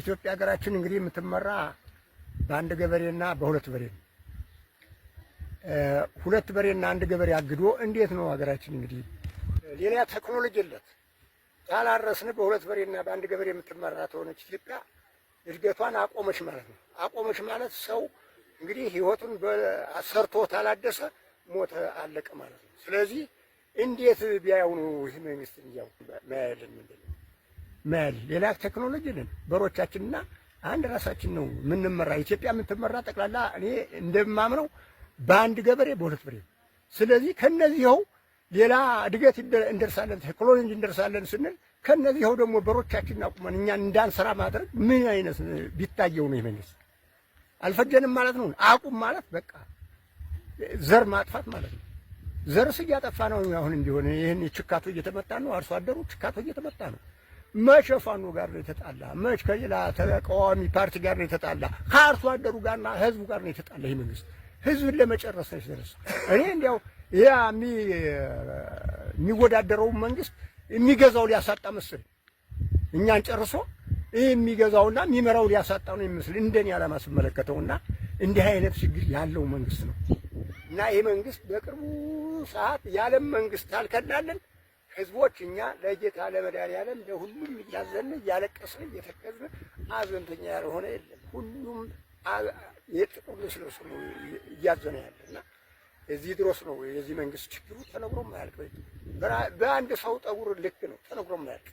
ኢትዮጵያ ሀገራችን እንግዲህ የምትመራ በአንድ ገበሬና በሁለት በሬ ነው። ሁለት በሬና አንድ ገበሬ አግዶ እንዴት ነው ሀገራችን እንግዲህ ሌላ ቴክኖሎጂ የለት ያላረስን በሁለት በሬና በአንድ ገበሬ የምትመራ ተሆነች ኢትዮጵያ እድገቷን አቆመች ማለት ነው። አቆመች ማለት ሰው እንግዲህ ህይወቱን ሰርቶ ታላደሰ ሞተ አለቀ ማለት ነው። ስለዚህ እንዴት ቢያዩ ነው ይህ መንግስት እያው ምንድን ነው መል ሌላ ቴክኖሎጂ ነን በሮቻችንና አንድ ራሳችን ነው የምንመራ። ኢትዮጵያ የምትመራ ጠቅላላ እኔ እንደማምነው በአንድ ገበሬ በሁለት በሬ። ስለዚህ ከነዚህው ሌላ እድገት እንደርሳለን፣ ቴክኖሎጂ እንደርሳለን ስንል ከነዚህው ደግሞ በሮቻችን አቁመን እኛን እንዳንሰራ ማድረግ ምን አይነት ቢታየው ነው የመንግስት አልፈጀንም ማለት ነው። አቁም ማለት በቃ ዘር ማጥፋት ማለት ነው። ዘርስ እያጠፋ ነው። አሁን እንዲሆን ይህን ችካቶ እየተመጣ ነው። አርሶ አደሩ ችካቶ እየተመጣ ነው። መቼ ፋኖ ጋር ነው የተጣላ? መች ከሌላ ተቃዋሚ ፓርቲ ጋር ነው የተጣላ? ከአርሶ አደሩ ጋርና ህዝቡ ጋር ነው የተጣላ። ይህ መንግስት ህዝብን ለመጨረስ ነች ደረሰ። እኔ እንዲያው ያ የሚወዳደረው መንግስት የሚገዛው ሊያሳጣ መስል እኛን ጨርሶ ይህ የሚገዛውና የሚመራው ሊያሳጣ ነው የሚመስል እንደኔ ዓላማ ስመለከተውና እንዲህ አይነት ችግር ያለው መንግስት ነው እና ይህ መንግስት በቅርቡ ሰዓት የዓለም መንግስት አልከናለን ህዝቦች እኛ ለጌታ ለመድኃኒዓለም ለሁሉም እያዘን እያለቀስን እየተከዝን አዘንተኛ ያልሆነ የለም። ሁሉም የጥቁር ልስልስ ነው እያዘነ ያለና እዚህ ድሮስ ነው የዚህ መንግስት ችግሩ ተነግሮ ማያልቅ። በአንድ ሰው ጠጉር ልክ ነው ተነግሮ ማያልቅ።